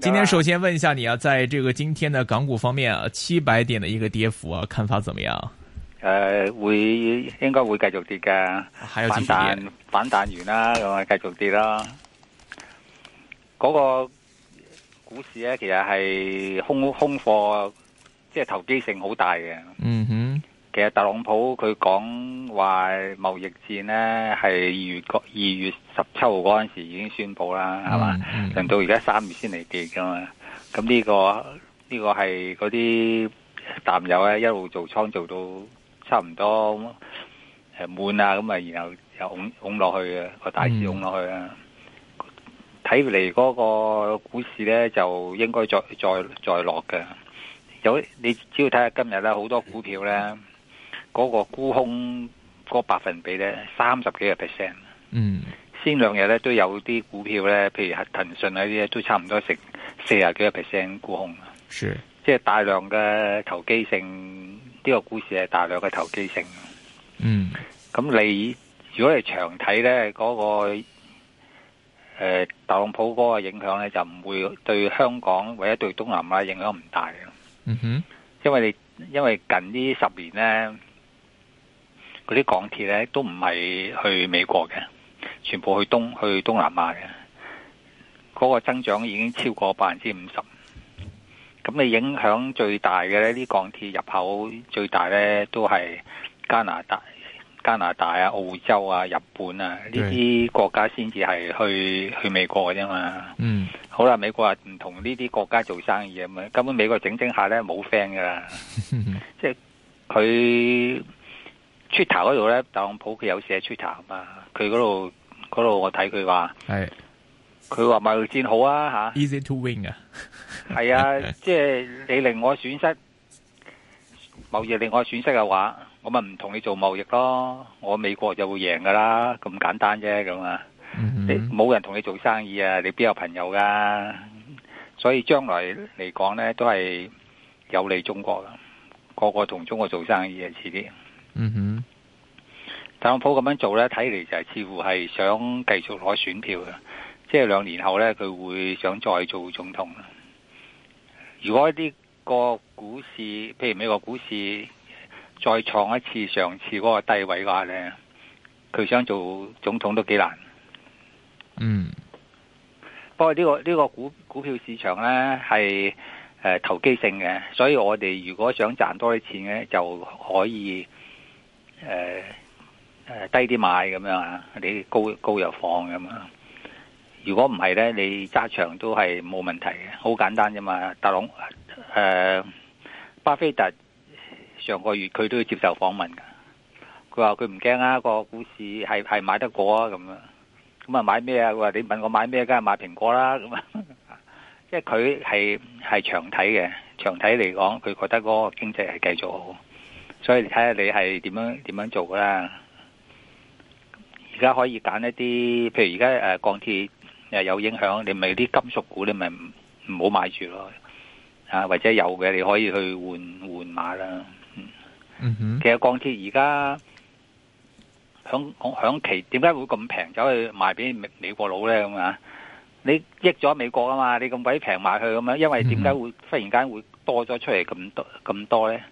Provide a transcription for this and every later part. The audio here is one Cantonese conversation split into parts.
今天首先問一下你啊，在這個今天的港股方面啊，七百點的一個跌幅啊，看法怎麼樣？誒、呃，會應該會繼續跌嘅、啊、還有續跌反彈反彈完啦，咁啊繼續跌啦。嗰個股市咧，其實係空空貨，即係投機性好大嘅。嗯哼。其實特朗普佢講話貿易戰呢，係二月二月十七號嗰陣時已經宣布啦，係嘛？令到而家三月先嚟跌噶嘛？咁呢個呢個係嗰啲淡友咧一路做倉做到差唔多誒滿啊，咁、呃、啊然後又拱㧬落去嘅個大市拱落去啊！睇嚟嗰個股市呢，就應該再再再落嘅。有你只要睇下今日咧，好多股票呢。嗰個沽空嗰百分比咧，三十幾個 percent。嗯，先兩日咧都有啲股票咧，譬如騰訊嗰啲咧，都差唔多成四十幾個 percent 沽空。是，即係大量嘅投機性，呢、呢個股市係大量嘅投機性。嗯，咁你如果係長睇咧，嗰、嗰個、呃、特朗普嗰個影響咧，就唔會對香港或者對東南亞影響唔大嘅。嗯哼，因為你因為近呢十年咧。嗰啲港鐵咧都唔係去美國嘅，全部去東去東南亞嘅。嗰個增長已經超過百分之五十。咁你影響最大嘅呢啲港鐵入口最大呢，都係加拿大、加拿大啊、澳洲啊、日本啊呢啲國家先至係去去美國嘅啫嘛。嗯，mm. 好啦，美國唔同呢啲國家做生意啊嘛，根本美國整整下呢，冇 friend 噶啦， 即係佢。Twitter 嗰度咧，特朗普佢有寫喺 Twitter 啊嘛。佢嗰度嗰度我睇佢話係，佢話貿易戰好啊吓，easy to win 啊。係 啊，即係你令我損失貿易，令我損失嘅話，我咪唔同你做貿易咯。我美國就會贏噶啦，咁簡單啫，咁啊。嗯、哼你冇人同你做生意啊，你邊有朋友噶，啊？所以將來嚟講咧，都係有利中國啦。個個同中國做生意啊，遲啲。嗯哼，mm hmm. 特朗普咁樣做呢，睇嚟，就係似乎係想繼續攞選票嘅，即係兩年後呢，佢會想再做總統。如果呢個股市，譬如美國股市再創一次上次嗰個低位嘅話呢，佢想做總統都幾難。嗯、mm，hmm. 不過呢、呢個呢、呢個股股票市場呢，係、呃、投機性嘅，所以我哋如果想賺多啲錢呢，就可以。誒誒、呃，低啲買咁樣啊，你高高又放咁樣。如果唔係咧，你揸長都係冇問題嘅，好簡單啫嘛。大龍誒，巴菲特上個月佢都要接受訪問嘅，佢話佢唔驚啊，個股市係係買得過啊咁樣。咁啊買咩啊？佢話你問我買咩，梗係買蘋果啦。咁啊，即係佢係係長睇嘅，長睇嚟講，佢覺得嗰個經濟係繼續好。所以睇下你係點樣點樣做噶啦。而家可以揀一啲，譬如而家誒鋼鐵誒有影響，你咪啲金屬股，你咪唔好買住咯。啊，或者有嘅，你可以去換換馬啦。嗯、哼其實鋼鐵而家響響期，點解會咁平，走去賣俾美美國佬咧？咁啊，你益咗美國啊嘛，你咁鬼平賣去咁樣，因為點解會、嗯、哼忽然間會多咗出嚟咁多咁多咧？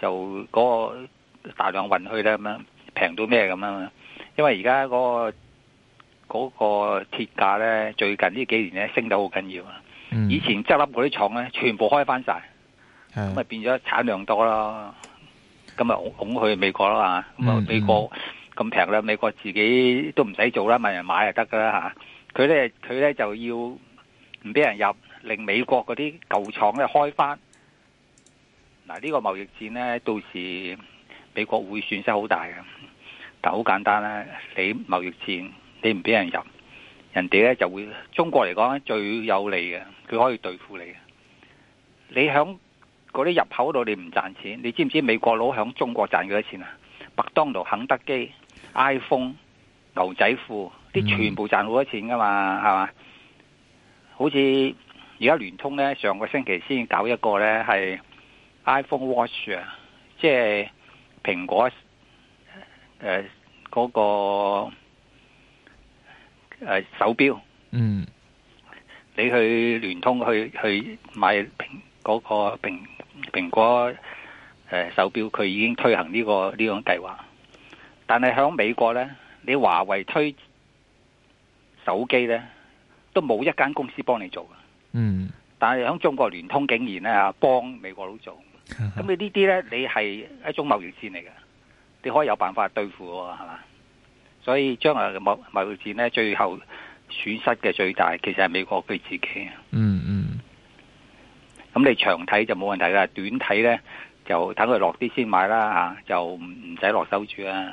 就嗰個大量運去咧，咁樣平到咩咁啊？因為而家嗰個嗰、嗰個鐵價咧，最近呢幾年咧升得好緊要啊！嗯、以前執笠嗰啲廠咧，全部開翻晒，咁啊、嗯、變咗產量多啦，咁啊拱去美國啦嘛，咁、嗯、啊美國咁平啦，美國自己都唔使做啦，問人買就得噶啦吓，佢咧佢咧就要唔俾人入，令美國嗰啲舊廠咧開翻。嗱，呢個貿易戰呢，到時美國會損失好大嘅。但好簡單啦，你貿易戰，你唔俾人入，人哋呢就會中國嚟講最有利嘅，佢可以對付你。你響嗰啲入口度，你唔賺錢，你知唔知美國佬響中國賺幾多錢啊？麥當勞、肯德基、iPhone、牛仔褲，啲全部賺好多錢噶嘛，係嘛、嗯？好似而家聯通呢，上個星期先搞一個呢，係。iPhone Watch 啊，即係蘋果誒嗰個誒手錶。嗯，你去聯通去去買蘋嗰個蘋蘋果誒手錶，佢已經推行呢個呢種計劃。但係喺美國咧，你華為推手機咧，都冇一間公司幫你做。嗯，但係喺中國聯通竟然咧啊，幫美國佬做。咁你呢啲咧，你係一種貿易戰嚟嘅，你可以有辦法對付嘅係嘛？所以將來貿貿易戰咧，最後損失嘅最大，其實係美國佢自己。嗯嗯。咁你長睇就冇問題啦，短睇咧就等佢落啲先買啦，吓，就唔唔使落手住啦。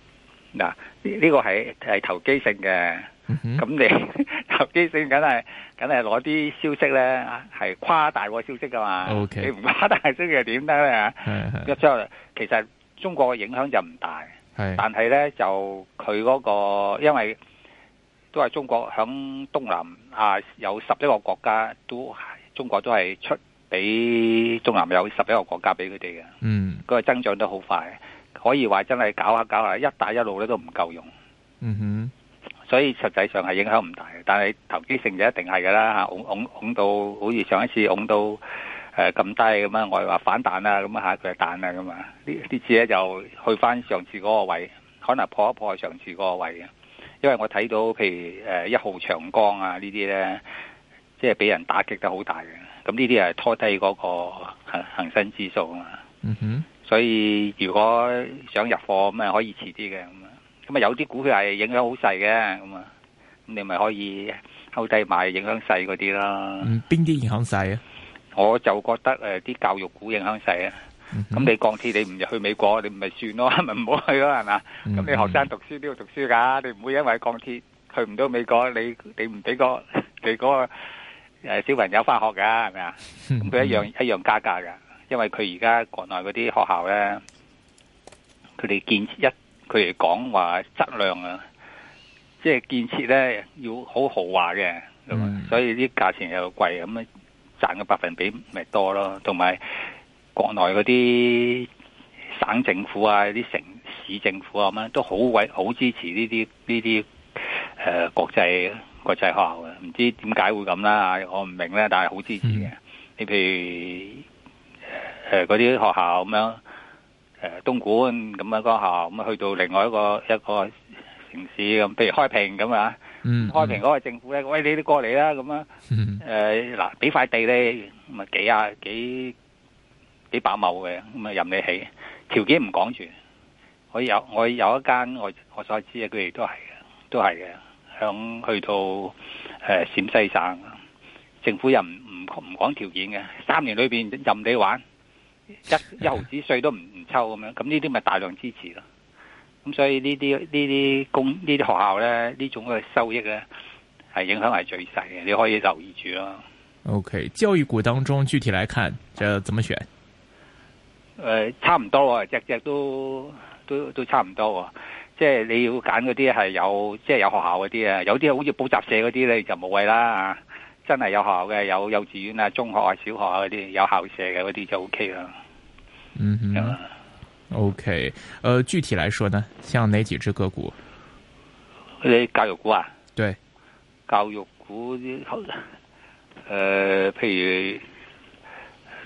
嗱，呢呢個係係投機性嘅，咁你投機性梗係梗係攞啲消息咧，係誇大個消息噶嘛？你唔誇大消息點得咧？咁之後其實中國嘅影響就唔大，係，但係咧就佢嗰個因為都係中國響東南亞有十一個國家都係中國都係出俾東南亞有十一個國家俾佢哋嘅，嗯，嗰個增長都好快。可以話真係搞下搞下，一帶一路咧都唔夠用。嗯哼，所以實際上係影響唔大嘅，但係投機性就一定係噶啦吓，拱、啊、到好似上一次拱到誒咁、呃、低咁啊，我哋話反彈啦，咁啊一佢係彈啦，咁呢次咧就去翻上次嗰個位，可能破一破上次嗰個位，因為我睇到譬如誒一、呃、號長江啊呢啲咧，即係俾人打擊得好大嘅，咁呢啲係拖低嗰個恒、恒生指數啊。嗯哼。所以如果想入貨咁啊，可以遲啲嘅咁啊。咁啊有啲股票係影響好細嘅咁啊，咁你咪可以後低買影響細嗰啲咯。邊啲、嗯、影響細啊？我就覺得誒啲、呃、教育股影響細啊。咁、嗯、哼你鋼鐵你唔去美國，你唔咪算咯，咪唔好去咯，係嘛？咁、嗯、你學生讀書都要讀書㗎，你唔會因為鋼鐵去唔到美國，你你唔俾、個俾個誒小朋友返學㗎係咪啊？咁佢一樣、嗯、一樣加價㗎。因為佢而家國內嗰啲學校咧，佢哋建設一，佢哋講話質量啊，即係建設咧要好豪華嘅，咁、mm. 所以啲價錢又貴，咁賺嘅百分比咪多咯。同埋國內嗰啲省政府啊，啲城市政府啊，咁咧都好鬼好支持呢啲呢啲誒國際國際學校啊。唔知點解會咁啦，我唔明咧，但係好支持嘅。你譬、mm. 如。誒，嗰啲學校咁樣，誒，東莞咁樣個學校咁去到另外一個一個城市咁，譬如開平咁啊，開平嗰個政府咧，喂，你哋過嚟啦咁啊，誒，嗱，俾塊地咧，咪幾啊幾幾百畝嘅，咁啊任你起，條件唔講住。我有我有一間，我我所知啊，佢哋都係嘅，都係嘅，向去到誒陝西省，政府又唔唔唔講條件嘅，三年裏邊任你玩。一一毫子稅都唔唔抽咁樣，咁呢啲咪大量支持咯。咁所以呢啲呢啲公呢啲學校咧，呢種嘅收益咧，係影響係最細嘅，你可以留意住咯。OK，教育股當中具體嚟看，要怎麼選？誒、呃，差唔多喎，只只都都都都差唔多，即係你要揀嗰啲係有，即係有學校嗰啲啊，有啲好似補習社嗰啲咧就冇謂啦。真係有學校嘅，有幼稚園啊、中學啊、小學啊嗰啲有校舍嘅嗰啲就 O K 啦。嗯哼，O K。誒係吧？okay。呃，具體來說呢，像哪幾隻個股？啲教育股啊？對，教育股，誒、呃，譬如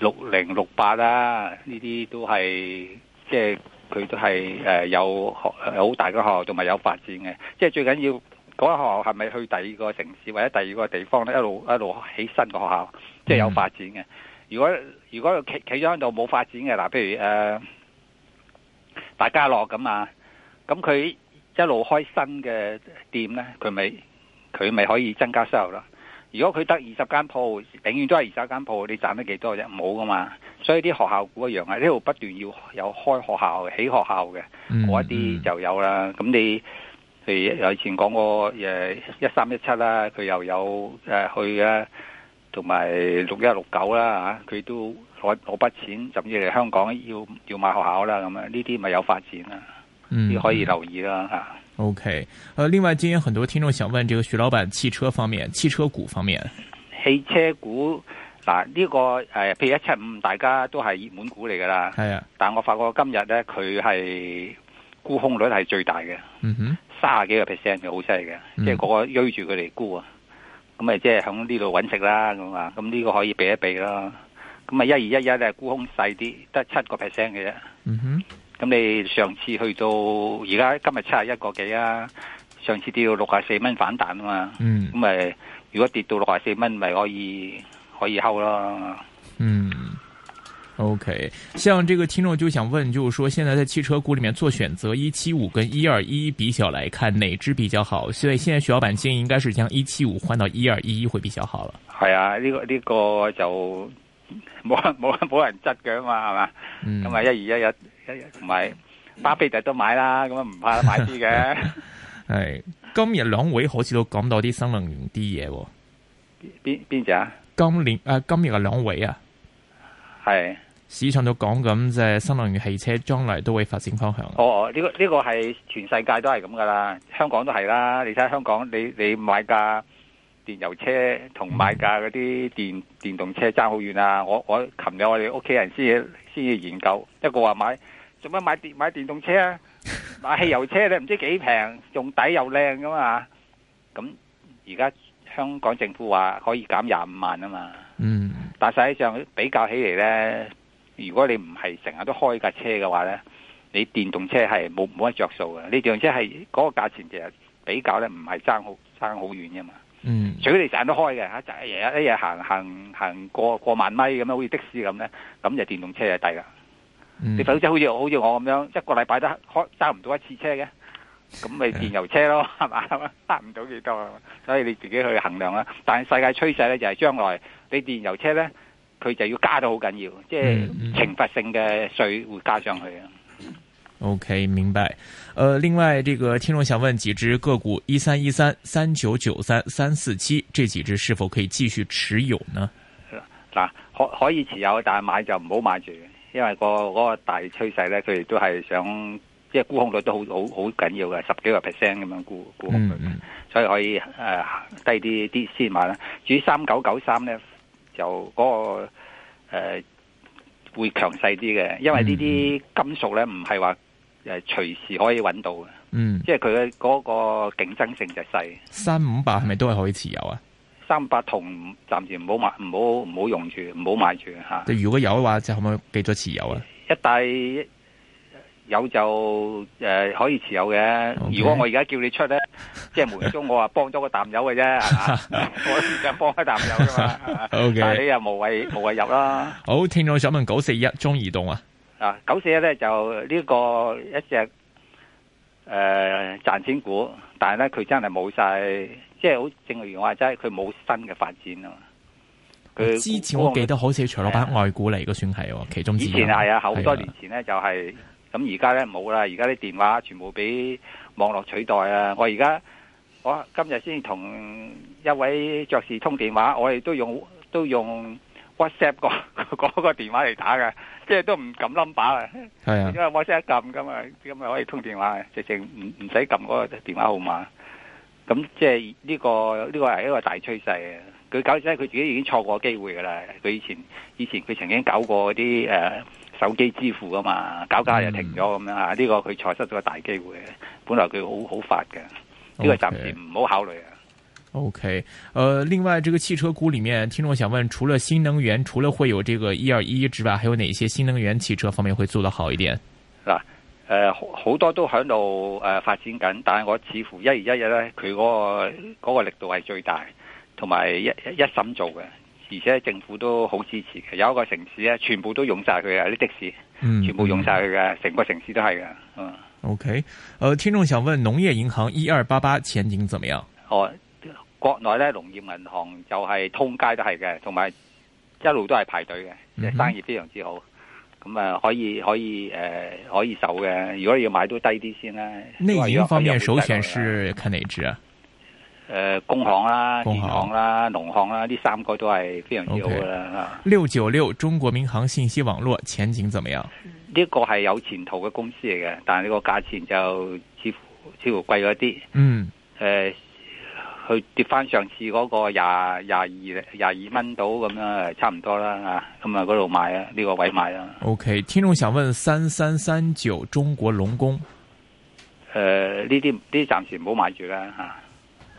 六零六八啊，呢啲都係即係佢都係誒有有好大嘅學校同埋有發展嘅，即係最緊要。嗰間學校係咪去第二個城市或者第二個地方咧？一路一路起新個學校，即係有發展嘅、嗯。如果如果企企咗喺度冇發展嘅，嗱，譬如誒大家樂咁啊，咁佢一路開新嘅店咧，佢咪佢咪可以增加收入囉。如果佢得二十間鋪，永遠都係二十間鋪，你賺得幾多啫？唔好噶嘛。所以啲學校股一樣啊，呢度不斷要有開學校、起學校嘅嗰一啲就有啦。咁、嗯嗯、你。譬如有以前講過誒一三一七啦，佢又有誒去啊，同埋六一六九啦吓，佢都攞攞筆錢甚至嚟香港要要買學校啦咁樣，呢啲咪有發展啦，要、嗯、可以留意啦吓。O K，誒，另外今天很多聽眾想問，這個徐老闆汽車方面，汽車股方面，汽車股嗱呢個誒，譬如一七五，大家都係熱門股嚟噶啦，係啊，但我發覺今日咧佢係，沽空率係最大嘅，卅幾個 percent 嘅好犀利嘅，hmm. mm hmm. 即係個個追住佢嚟沽啊，咁咪即係響呢度揾食啦，咁啊，咁呢個可以避一避啦，咁啊一二一一咧沽空細啲，得七個 percent 嘅啫，咁、mm hmm. 你上次去到而家今日七十一個幾啊，上次跌到六十四蚊反彈啊嘛，咁咪、mm，hmm. 如果跌到六十四蚊咪可以可以 hold O、okay, K，像這個聽眾就想問，就是說現在在汽車股裡面做選擇，一七五跟一二一一比較來看，哪支比較好？所以現在徐老闆建議應該是將一七五換到一二一一會比較好了。係啊，呢、這個呢、這個就冇冇冇人質嘅嘛，係嘛？咁啊、嗯、一二一一一一同埋巴菲特都買啦，咁啊唔怕買啲嘅。係 今日兩位好似都講到啲新能源啲嘢，邊邊隻啊？今年誒、呃，今日嘅兩位啊，係。市場度講緊，即新能源汽車將來都會發展方向。哦，呢、這個呢、這個係全世界都係咁噶啦，香港都係啦。你睇下香港，你你買架電油車同買架嗰啲電、嗯、電動車爭好遠啊！我我琴日我哋屋企人先先至研究，一個話買做乜買電買電動車啊？買汽油車你唔知幾平，用底又靚噶嘛。咁而家香港政府話可以減廿五萬啊嘛。嗯，但實際上比較起嚟咧。如果你唔係成日都開架車嘅話咧，你電動車係冇冇乜着數嘅。你電動車係嗰個價錢其實比較咧唔係爭好爭好遠嘅嘛。嗯，除非你成日都開嘅吓，一日一日行行行、行過過萬米咁樣，好似的士咁咧，咁就電動車就抵啦。嗯、你否則好似好似我咁樣一個禮拜都開揸唔到一次車嘅，咁咪電油車咯，係嘛、嗯？揸唔到幾多，所以你自己去衡量啦。但係世界趨勢咧就係將來你電油車咧。佢就要加到好緊要，即係懲罰性嘅稅會加上去啊、嗯嗯。OK，明白。誒、呃，另外、這個，呢個聽眾想問幾支，個股：一三一三、三九九三、三四七，呢幾支是否可以繼續持有呢？嗱，可可以持有，但係買就唔好買住，因為、嗰個、嗰個大趨勢呢，佢哋都係想即係沽空率都好好好緊要嘅，十幾個 percent 咁樣沽沽空率，嗯、所以可以誒、呃、低啲啲先買啦。至於三九九三呢。就嗰、那個誒、呃、會強勢啲嘅，因為呢啲金屬咧唔係話誒隨時可以揾到嘅，嗯，即係佢嘅嗰個競爭性就細。三五百係咪都係可以持有啊？三百同暫時唔好買，唔好唔好用住，唔好買住嚇。如果有嘅話，就可唔可以繼續持有啊？一帶。有就誒、呃、可以持有嘅。Okay. 如果我而家叫你出咧，即係門中我話幫咗個啖友嘅啫，我只想幫一啖友。 Okay. 但係你又無謂，無謂入啦。好，oh, 聽到我想問九四一中移動啊。啊，九四一咧就呢個一隻誒、呃、賺錢股，但係咧佢真係冇曬，即係好正如我話齋，佢冇新嘅發展啊。佢之前我記得好似徐老闆外股嚟，個算係喎，其中之前係啊，好多年前咧就係、是。咁而家咧冇啦，而家啲電話全部俾網絡取代啊！我而家我今日先同一位爵士通電話，我哋都用都用 WhatsApp 個嗰個電話嚟打嘅，即係都唔撳 number 啊，係啊，因為 WhatsApp 撳噶嘛，咁咪可以通電話，直情唔唔使撳嗰個電話號碼。咁即係呢個呢個係一個大趨勢啊！佢搞嘢，佢自己已經錯過機會噶啦。佢以前以前佢曾經搞過啲誒。呃手機支付噶嘛，搞價又停咗咁樣啊！呢、嗯、個佢錯失咗個大機會，本來佢好好發嘅，呢、這個暫時唔好考慮啊。Okay. OK，呃，另外，呢個汽車股裡面，聽眾想問，除了新能源，除了會有呢個一二一之外，還有哪些新能源汽車方面會做得好一點？嗱、呃，誒，好多都響度誒發展緊，但係我似乎一二一一咧，佢嗰、那個那個力度係最大，同埋一一心做嘅。而且政府都好支持嘅，有一個城市咧，全部都用晒佢啊啲的士，全部用晒佢嘅，成個城市都係嘅。嗯，OK，呃，嗯、聽眾想問農業銀行一二八八前景怎麼樣？哦，國內咧農業銀行就係通街都係嘅，同埋一路都係排隊嘅，嗯、哼生意非常之好。咁、嗯、啊，可以可以誒、呃，可以守嘅。如果要買都低啲先啦。能源方面，首選是看哪支啊？誒，工行啦、建行啦、農行啦，呢三個都係非常之好嘅啦。六九六中國民航信息網絡前景怎麼樣？呢個係有前途嘅公司嚟嘅，但係呢個價錢就似乎似乎貴咗啲。嗯，誒，去跌翻上次嗰個廿廿二廿二蚊到咁樣，差唔多啦吓，咁啊，嗰度買啊，呢個位買啦。OK，聽眾想問三三三九中國龍工，誒，呢啲呢暫時唔好買住啦吓。啊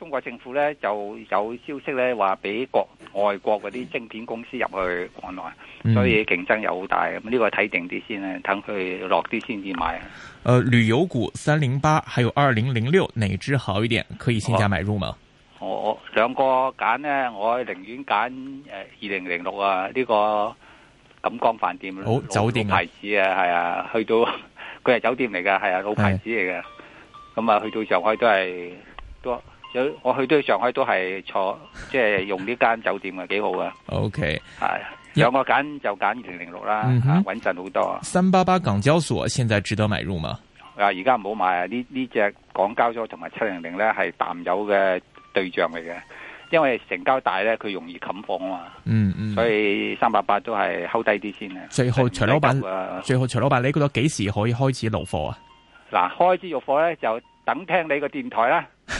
中國政府咧就有消息咧話俾國外國嗰啲晶片公司入去國內，所以競爭又好大。咁、這、呢個睇定啲先啊，等佢落啲先至買。呃，旅遊股三零八，8, 還有二零零六，哪支好一點？可以現價買入嗎？哦、我我兩個揀呢，我寧願揀誒二零零六啊，呢、這個錦江飯店酒店牌子啊，係啊，去到佢係酒店嚟㗎，係啊，老牌子嚟㗎。咁啊、哎，去到上海都係都。有我去到上海都係坐，即、就、係、是、用呢間酒店挺好的 Okay. 啊，幾好啊。O K 係，有我揀就揀二零零六啦，穩陣好多。啊。三八八港交所現在值得買入嗎？啊，而家唔好買啊！呢呢隻港交所同埋七零零咧係淡友嘅對象嚟嘅，因為成交大咧，佢容易冚放啊嘛。嗯嗯、mm，hmm. 所以三八八都係 hold 低啲先啊。最好後徐老闆，最後徐老闆，你覺得幾時可以開始落貨啊？嗱、啊，開始入貨咧就等聽你個電台啦。